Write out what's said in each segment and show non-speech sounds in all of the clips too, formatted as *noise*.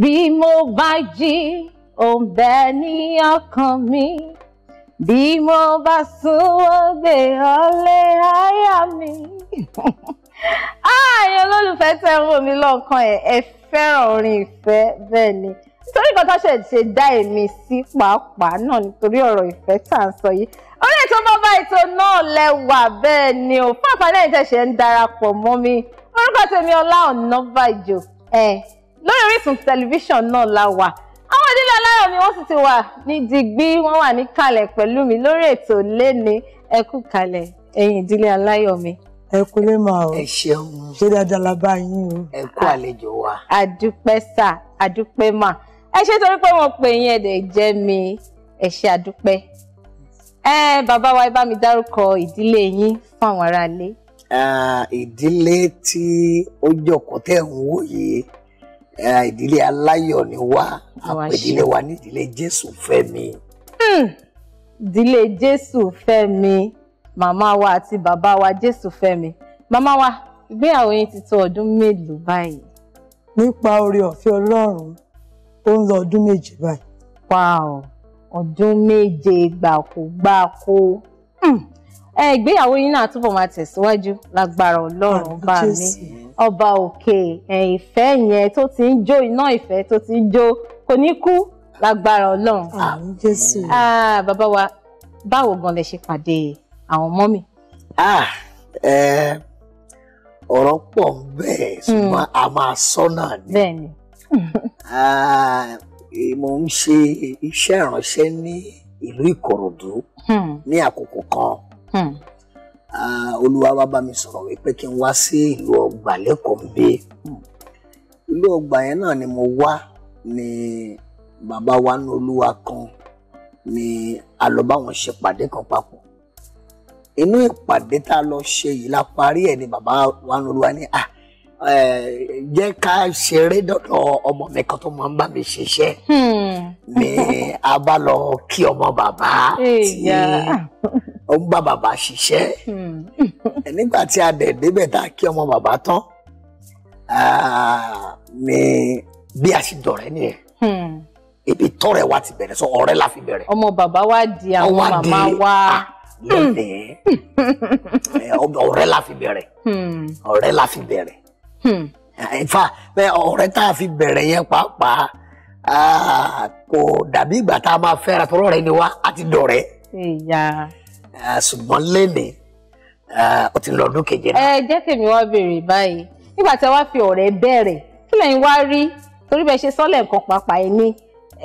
bí mo bá jí òun bẹ ní ọkàn mi bí mo bá sùn ó gbé ọlẹ́ àyà mi. ààyè *laughs* ah, olólùfẹ́ tẹ́ ń wò mí lọ́ọ̀kan ẹ̀ ẹ fẹ́ràn orin ìfẹ́ bẹ́ẹ̀ ni nítorí nǹkan tó ṣe ṣe dá èmi sí pàápàá náà nítorí ọ̀rọ̀ ìfẹ́ tá à ń sọ yìí orí ètò bàbá ètò náà lẹ́wà bẹ́ẹ̀ ni ò fún àǹfààní ẹ̀yìn tẹ̀sẹ̀ ń darapọ̀ mọ́ mi orúkọ tèmi Ọlá Ọ̀nàbàjò ẹ̀ lórí Orísun tẹlifíṣàn náà la wà àwọn ìdílé aláyọ̀ mi wọ́n sì ti wà ní digbí wọ́n wà ní kalẹ̀ pẹ̀lú mi lórí ètò léni ẹ kú kalẹ̀ ẹ̀yin ìdílé aláyọ̀ mi. ẹ kú lè máa o ẹ ṣeun ṣé dáadáa la bá yín o. ẹ kú àlejò wa. àdúpẹ́ sà àdúpẹ́ mà ẹ ṣe torí pé wọ́n pè yín ẹ̀dẹ̀ jẹ́ mi ẹ ṣe àdúpẹ́. ẹ bàbá wa ẹ bá mi dárúkọ ìdílé yín fáwọn aráalé. ìdílé tí ó jókòó tẹ̀ ń wò yìí ìdílé aláyọ̀ ni wá àpèdílé wa ní ìdílé Jésù Fẹ́mi. Hmm. ìdílé Jésù Fẹ́mi màmá wa àti bàbá wa Jésù Fẹ́mi màmá wa ìgbéyàwó yín ti tó ọdún mélòó báyìí. nípa oore ọ̀fẹ́ Ọlọ́run ó ń lọ ọdún méje báyìí. wàá ọdún méje gbàkúgbàkú hmm ìgbéyàwó yín náà túbọ̀ máa tẹ̀síwájú lágbára ọlọ́run ah, bá mi ọba òkè ìfẹ́ yẹn tó ti ń jó iná ìfẹ́ tó ti ń jó kò ní kú lágbára ọlọ́run. àmín ah, jésù. Ah, bàbá wa báwo gan lẹ ṣe pàdé àwọn ọmọ mi. ọ̀rọ̀ pọ̀ ń bẹ̀ hmm. ṣùgbọ́n a máa sọ náà ni. bẹ́ẹ̀ni. mo ń ṣe iṣẹ́ ìránṣẹ́ ní ìlú ìkòròdú hmm. ní àkókò kan. Hmm. olúwa wá bá mi sọ̀rọ̀ wípé kí n wá sí ìlú ọgbà lẹ́kọ̀ọ́ mbé hmm. ìlú ọgbà yẹn náà ni mo wá ni bàbá wa ní olúwa kan ni a lọ bá wọn ṣe pàdé kan papọ̀ inú ìpàdé tá a lọ ṣe yìí la parí ẹ̀ ni bàbá wa ní olúwa ni ah jẹ́ ká ṣeré dọ́dọ̀ ọmọ mi kan tó máa ń bá mi ṣiṣẹ́ hmm. ni a bá lọ kí ọmọ bàbá tí ó ń bá bàbá ṣiṣẹ́ hmm. nígbà tí a dẹ̀ débẹ̀ tá a kí ọmọ bàbá tán ni bí a ṣe dọ̀rẹ́ nìyẹn hmm. ibi tọ̀rẹ́ wa ti bẹ̀rẹ̀ sọ ọ̀rẹ́ la fi bẹ̀rẹ̀. ọmọ bàbá wa di àwọn màmá wa ah, lọ́dẹ̀ẹ́ hmm. ọ̀rẹ́ la fi bẹ̀rẹ̀ ọ̀rẹ́ la fi bẹ̀rẹ̀ ìfà ọ̀rẹ́ tá a fi bẹ̀rẹ̀ yẹn pàápàá kò dàbí ìgbà tá a máa fẹ́ra tọ́lọ́rẹ́ ni wá àti dọ̀rẹ́. Ah, ṣùgbọ́n lénìí ah, ó ti lọ ọdún keje náà. ẹ jẹ́ tèmi wá béèrè báyìí nígbà tí wàá fi ọ̀rẹ́ bẹ̀rẹ̀ kí lẹ́yìn wá rí torí bẹ́ẹ̀ ṣe sọ́lẹ̀ nǹkan pàápàá ẹ̀ ní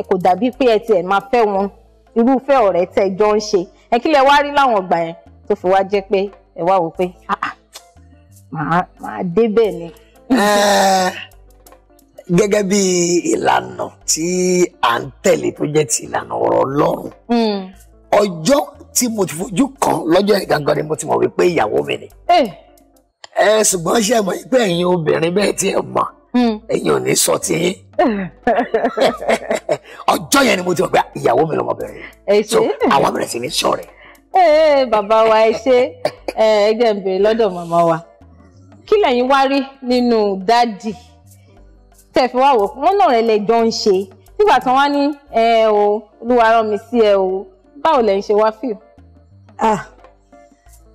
kò dàbí pé ẹ tiẹ̀ máa fẹ́ wọn irúfẹ́ ọ̀rẹ́ tẹ́ jọ ń ṣe ẹ kí lẹ wá rí láwọn ọgbà yẹn tó fi wá jẹ́ pé ẹ wá wò pé ah, màá débẹ̀ ni. Eh, gẹ́gẹ́ bí ìlànà tí à ń tẹ̀lé tó jẹ́ ti ìlànà ọ̀rọ̀ Ọlọ́run hmm. ọjọ́ tí mo ti fojú kan lọ́jọ́ yẹn gangan ni mo ti mọ̀ wípé ìyàwó mi ni. ẹ ṣùgbọ́n ṣe mọ̀ pé ẹ̀yin obìnrin bẹ́ẹ̀ tí ẹ mọ̀ hmm. ẹ̀yin ò ní sọ ti yín. *laughs* ọjọ́ yẹn ni mo ti mọ̀ pé ìyàwó mi lọmọbìnrin so àwa bẹ̀rẹ̀ sí ní sọ̀rẹ́. ee bàbá wa ẹ ṣe ẹ jẹ́ n bèrè lọ́dọ̀ màmá wa kí lẹ̀yin wá rí nínú dádì tẹ̀ fi wá wò wọ́n náà rẹ̀ lẹ̀ ń ṣe nígbà tí wá ní ẹ o olúwa rán mi sí ẹ o báwo lẹ ń ṣe wá fíl. ah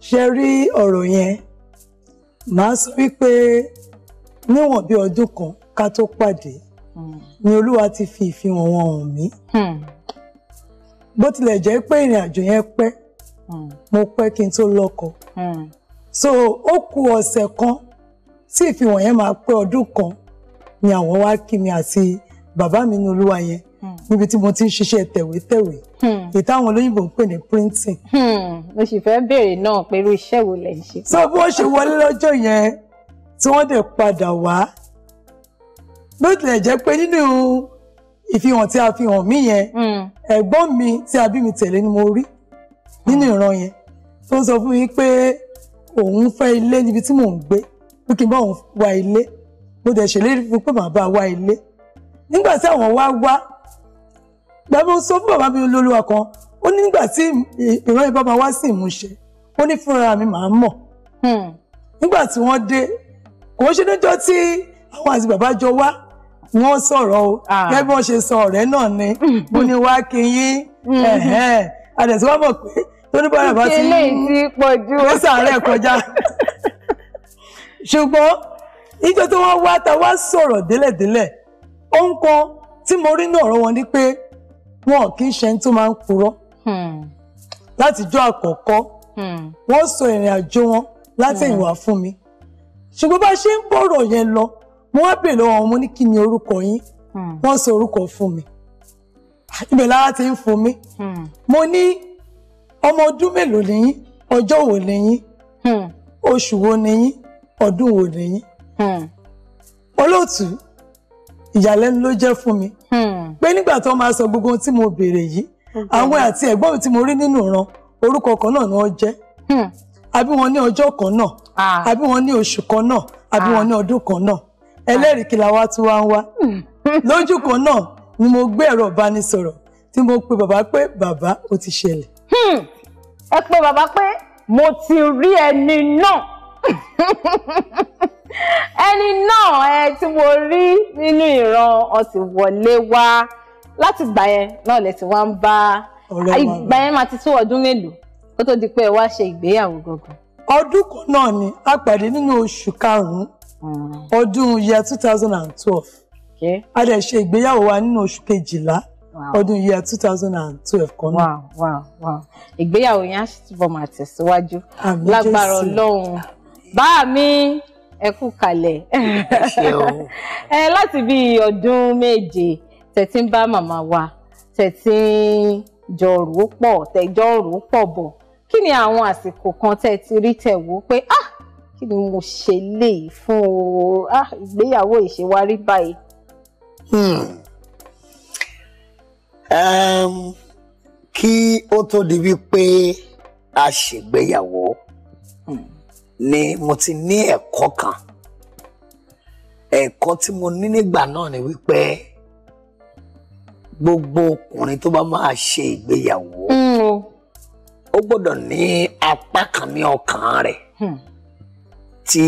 ṣe rí ọ̀rọ̀ yẹn màá sọ wípé níwọ̀n bí ọdún kan ká tó pàdé ni olúwa ti fi ìfihàn wọn hàn mí hmm. bó tilẹ̀ jẹ́ pé ìrìn àjò yẹn pẹ́ hmm. mo pẹ́ kí n tó lọ́kọ hmm. so ó kù ọ̀sẹ̀ kan tí ìfihàn yẹn máa pé ọdún kan ni àwọn wá kí mi àti bàbá mi ní olúwa yẹn níbi tí mo ti ń ṣiṣẹ́ tẹ̀wétẹ̀wé ìtàwọn hmm. olóyìnbó ń pè ní printing. Hmm. mo sì fẹ́ béèrè náà pé irú iṣẹ́ wo lẹ̀ ń ṣe. so bí wọ́n ṣe wọlé lọ́jọ́ yẹn tí wọ́n dẹ̀ padà wá bó tilẹ̀ jẹ́ pé nínú ìfihàn tí a fi hàn mí yẹn hmm. ẹ̀gbọ́n mi tí a bí mi tẹ̀lé ni mo rí nínú ìran yẹn tó sọ fún mi pé òun fẹ́ ilé níbi tí mò ń gbé pé kí n bá òun wá ilé mo dẹ̀ ṣèlérí fún pé màá bá wá ilé nígbà tí àwọn wá wá bàbá ó sọ fún bàbá mi olólùwà kan ó ní nígbà tí ìran ìbọn máa wá sí ìmúṣẹ ó ní fúnra mi màá mọ̀ hmm. nígbà tí wọ́n dé kò ń ṣe níjọ́ tí àwọn àti bàbá jọ wá wọ́n sọ̀rọ̀ o ah. gẹ́gẹ́ bí wọ́n ṣe sọ ọ̀rẹ́ náà ni hmm. mo ní wá kí yín hmm. adẹ̀tí wọ́n mọ̀ pé tóní bọ́lá bá ti ó sàárẹ̀ kọjá ṣùgbọ́n ìjọ tí wọ́n wá ta wá sọ̀rọ̀ délẹ̀délẹ̀ ó ń kan tí mo rí náà ọ̀rọ̀ wọn ni pé wọn kì í ṣe ẹni tó máa ń purọ́ hmm. látijọ́ àkọ́kọ́ hmm. wọ́n sọ ìrìn àjò wọn látẹ̀yìn hmm. wá fún mi ṣùgbọ́n bá ṣe ń bọ̀rọ̀ yẹn lọ mo wá bèèrè lọ́wọ́ wọn mo ní kí ni orúkọ yín wọ́n sọ orúkọ fún mi ibẹ̀ lára ti ń fún mi mo ní ọmọ ọdún mélòó lẹ́yìn ọjọ́ wo lẹ́yìn oṣù wo lẹ́yìn ọdún wo lẹ́yìn olóòtú ìyàlẹ́nu ló jẹ́ fún mi pé nígbà tó máa sọ gbogbo ohun tí mo béèrè yìí mm-hmm. àwọn àti ẹ̀gbọ́n mi tí mo rí nínú ìran orúkọ kan náà ni wọ́n jẹ́ hmm. àbí wọ́n ní ọjọ́ kan náà ah. àbí wọ́n ní oṣù kan náà àbí wọ́n ah. ní ọdún kan náà ẹlẹ́rìí kí la wá tún wá ń wá hmm. *laughs* lójú kan náà ni mo gbé ẹ̀rọ ìbánisọ̀rọ̀ tí mo pe bàbá pé bàbá ó ti ṣẹlẹ̀. Hmm. ẹ pé bàbá pé mo ti rí ẹni náà *laughs* ẹni náà ẹ tí mo rí nínú ìran ó ti wọlé wá láti ìgbà yẹn náà lẹ ti wá ń bá ìgbà yẹn máa ti tó ọdún mélòó kó tó di pé ẹ wá ṣe ìgbéyàwó gangan. ọdún kan náà ni a pàdé nínú oṣù karùn-ún hmm. ọdún yẹ two thousand and twelve a dẹ̀ ṣe ìgbéyàwó wa nínú oṣù kejìlá ọdún yíya two thousand and twelve kan náà. wow wow wow ìgbéyàwó yẹn á sì túbọ̀ máa tẹ̀síwájú lágbára ọlọ́run bá mi ẹ kú kalẹ̀ *laughs* ẹ láti bí ọdún méje tẹ̀tí ń bá màmá wa tẹ̀tí ń jọ rò pọ̀ tẹ̀jọ́ rò pọ̀ bọ̀ kí ni àwọn àsìkò kan tẹ́ ti rí tẹ̀ pé ah kí ni mo ṣe léyìí fún o ah ìgbéyàwó ìṣèwárí báyìí. Hmm. kí ó tó di wípé a ṣègbéyàwó. Hmm. Um, ni mo ti ní ẹ̀kọ́ kan ẹ̀kọ́ tí mo ní nígbà náà ni wípé gbogbo ọkùnrin tó bá máa ṣe ìgbéyàwó mm, ó gbọ́dọ̀ ní apá kan ní ọkàn rẹ̀ hmm. tí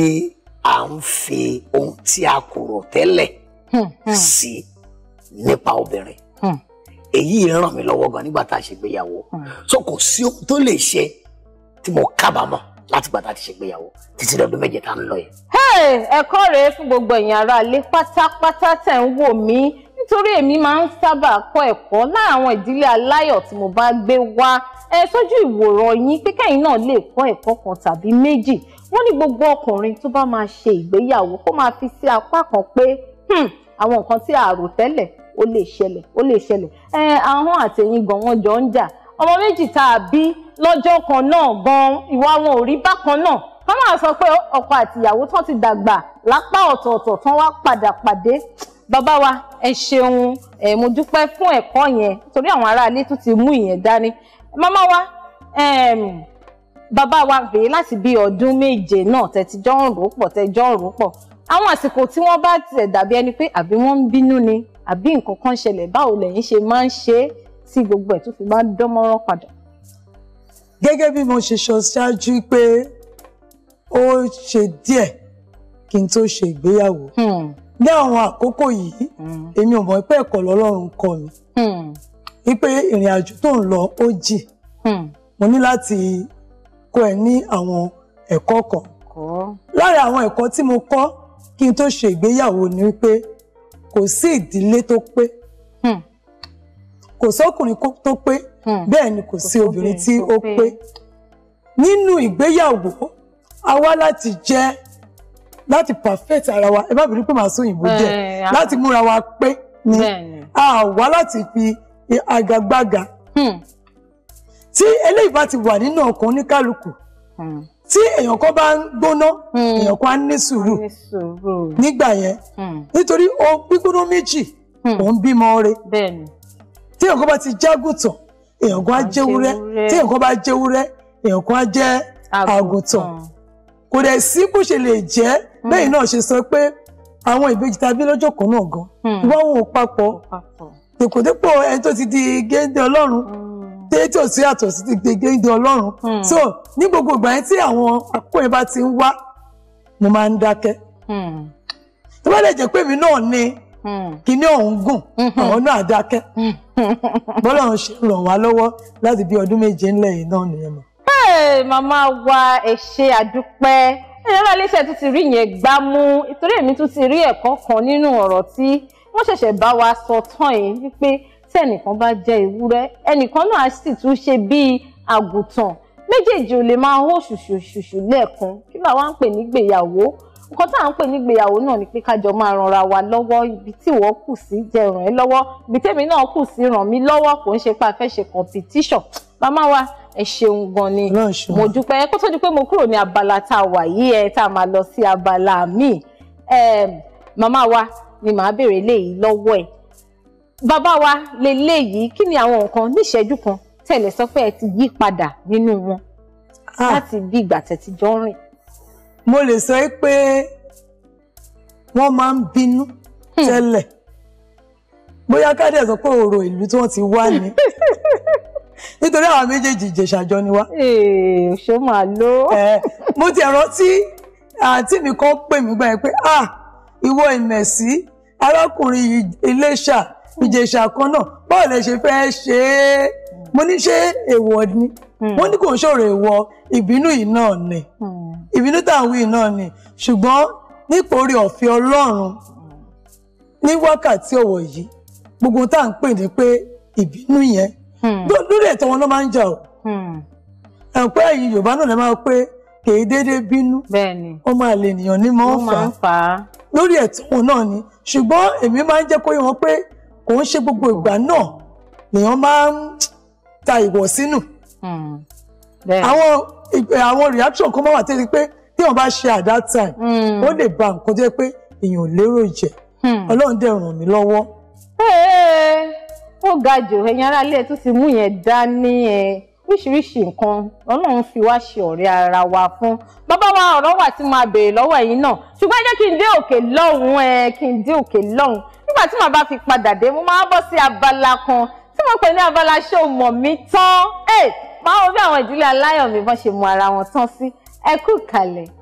a ń fi ohun tí a kò rò tẹ́lẹ̀ hmm, hmm. sí nípa obìnrin èyí ràn mí lọ́wọ́ gan nígbà tá a ṣègbéyàwó so kò sí ohun tó lè ṣe tí mo kábàámọ̀ láti gbàtà ti ṣègbéyàwó títí lọ́dún méje tá ń lọ yìí. ẹ̀kọ́ rèé fún gbogbo ẹ̀yin ará ilé pátápátá tẹ̀ ń wò mí nítorí èmi máa ń sábà kọ́ ẹ̀kọ́ lára àwọn ìdílé aláyọ̀ tí mo bá gbé wá ẹ sójú ìwòran yín pé kẹ́yìn náà lè kọ́ ẹ̀kọ́ kan tàbí méjì wọ́n ní gbogbo ọkùnrin tó bá máa ṣe ìgbéyàwó kó máa fi sí apá kan pé hmm, àwọn nǹkan tí a rò tẹ́lẹ̀ ó lè ṣẹlẹ̀ ó lè ṣẹlẹ̀ ẹ ahọ́n àtẹ̀yìn gan wọ́n jọ ń jà ọmọ méjì tá a bí lọ́jọ́ kan náà gan ìwà wọn ò rí bákan náà wọ́n máa sọ pé ọkọ àti ìyàwó tán ti dàgbà lápá ọ̀tọ̀ọ̀tọ̀ tán wá padà pàdé bàbá wa ẹ ṣeun ẹ mo dúpẹ́ fún ẹ̀kọ́ yẹn torí àwọn aráalé tún ti mú ìyẹn dání màmá wa bàbá wa rèé láti bí ọdún méje náà tẹ̀tí jọ ń rò pọ̀ tẹ̀ jọ ń rò pọ̀ àwọn àsìkò tí wọ́n bá tẹ̀ dàbí ẹni pé àbí wọ́n ń bínú ni àbí nǹkan kan ṣẹlẹ̀ báwo lẹ̀yin ṣe máa ń ṣe é tí gbogbo ẹ̀ tó fi máa ń dánmọ́rán padà gẹ́gẹ́ bí mo ṣe sọ ṣáájú pé ó ṣe díẹ̀ kí n tó ṣe ìgbéyàwó hmm. ní àwọn àkókò yìí hmm. èmi ò mọ̀ pé ẹ̀kọ́ lọ́lọ́run kọ́ mi hmm. wípé ìrìn àjò tó ń lọ ó jì mo ní láti kọ́ ẹ ní àwọn ẹ̀kọ́ kan lára àwọn ẹ̀kọ́ tí mo kọ́ kí n tó ṣe ìgbéyàwó ni wípé kò sí ìdílé tó pé kò sókùnrin tó pé hmm. bẹ́ẹ̀ ni kò sí obìnrin tí ó pé nínú ìgbéyàwó a wá láti jẹ́ láti perfect ara wa ẹ bá bìrì pé màá sóyìnbó jẹ eh, láti múra wa pé ni a wá láti fi àgàgbàgà hmm. tí eléyìí bá ti wà nínú ọkàn oníkálukú hmm. tí èèyàn kan bá ń gbóná èèyàn kan á ní sùúrù nígbà yẹn nítorí gbígbóná méjì òun bímọ rẹ tí èèyàn kan bá ti jágùtàn èèyàn kan á jẹ́ wúrẹ́ tí èèyàn kan bá jẹ́ wúrẹ́ èèyàn kan á jẹ́ àgùntàn kò dẹ̀ sí kò ṣe lè jẹ́ hmm. bẹ́ẹ̀ náà ṣe sọ pé àwọn ìbejì tàbí lọ́jọ́ kan náà gan ìwà wọn ò papọ̀ dèpòdépò ẹni tó ti di géńdé ọlọ́run hmm. tí ò àtọ̀ sí ti di géńdé ọlọ́run hmm. so ní gbogbo ìgbà yẹn tí àwọn àkókò yẹn bá ti ń wá mo máa ń dákẹ́ tó bá lè jẹ́ pé èmi náà ni. Hmm. kíní ọ̀hún gùn àwọn hmm. náà dákẹ́ hmm. *laughs* bọ́lá ọ̀hún ṣe ràn wá lọ́wọ́ láti bí ọdún méje ńlẹ̀ yìí náà nìyẹn mọ̀. màmá wa ẹ ṣé àdúpẹ́ ẹ̀rọ aléṣẹ́ tún ti rí yẹn gbámú ìtorí èmi tún ti rí ẹ̀kọ́ kan nínú ọ̀rọ̀ tí wọ́n ṣẹ̀ṣẹ̀ bá wa sọ tán yìí wípé tẹ́nìkan bá jẹ́ ewúrẹ́ ẹnìkan náà sì tún ṣe bíi àgùntàn méjèèjì ò lè máa hó ṣùṣùṣùṣù lẹ́ẹ̀kan kí làwọn ń pè nígbèyàwó nǹkan tá à ń pè nígbéyàwó náà ni pé kájọ máa ranra wa lọ́wọ́ ibi tí wọ́n kù sí jẹ́ ràn ẹ́ lọ́wọ́ ibi tèmi náà kù sí ràn mí lọ́wọ́ kò ń ṣe pé a fẹ́ competition màmá wa ẹ ṣeun gan ni mo dúpẹ́ kó tó di pé mo kúrò ní abala tá a wà yìí ẹ tá a máa lọ sí abala míì màmá wa ni màá béèrè léyìí lọ́wọ́ ẹ̀ bàbá wa leléyìí kí ni àwọn nǹkan níṣẹ́jú kan tẹ̀lé sọ pé ẹ ti yí padà nínú wọn ah. láti bí ìgbà tẹ̀ ti jọ ń rìn mo lè sọ pé wọ́n máa ń bínú hmm. tẹ́lẹ̀ bóyá ká dẹ̀ sọ pé òrò ìlú tí wọ́n ti wá ni *laughs* nítorí àwọn méjèèjì ìjẹ̀ṣàjọ ni wá. ṣó máa lọ. mo ti rántí àǹtí mi kan pè mí gbà pé ah ìwọ ìmẹ̀sí arákùnrin Iléṣà hmm. Ìjẹ̀ṣà kan náà báwo lẹ ṣe fẹ́ ṣe é mo ní ṣé èèwọ̀ ni hmm. mo ní kò ń ṣòro èèwọ̀ ìbínú yìí náà ni. Mm tá à ń wí náà ni ṣùgbọ́n nípòrí ọ̀fẹ́ ọlọ́run ní wákàtí ọ̀wọ̀ yìí gbogbo tá à ń pè ní pé ìbínú yẹn hmm. lórí ẹ̀tọ́ wọn ló máa ń jà o hmm. ẹ̀pẹ́ ẹ̀yìn yorùbá náà lè máa pé kèé déédéé bínú ó máa lè nìyàn ní máa ń fà á lórí ẹ̀tọ́ wọn náà ni ṣùgbọ́n èmi máa ń jẹ́ kó yé wọn pé kò ń ṣe gbogbo ìgbà náà lèèyàn máa ń ta ìwọ̀ sínú hmm. àwọn àwọn reaction kan máa wà tẹ́lẹ̀ pé tí wọ́n bá ṣe at that time hmm. ó lè ba nǹkan jẹ́ pé èèyàn ò lérò jẹ́ hmm. ọlọ́run dẹ̀ ràn mí lọ́wọ́. ó ga jù ẹ̀yin aráalé ẹ̀ tún ti mú yẹn dání ẹ̀ oríṣiríṣi nǹkan ọlọ́run fi wá ṣe ọ̀rẹ́ ara wa fún bàbá wa ọ̀rọ̀ wà tí máa béèrè lọ́wọ́ ẹ̀yin náà ṣùgbọ́n ẹ jẹ́ kí n dé òkè lọ́hùn ẹ kí n dé òkè lọ́hùn nígbà tí màá bá fi padà dé mo máa bọ́ sí abala kan tí mo pè ní abala ṣé o mọ̀ mí tán ẹ máa wo bí àwọn ìdílé aláyọ̀ mi bọ́n ṣe mọ ara wọn tán sí ẹ kú kalẹ̀.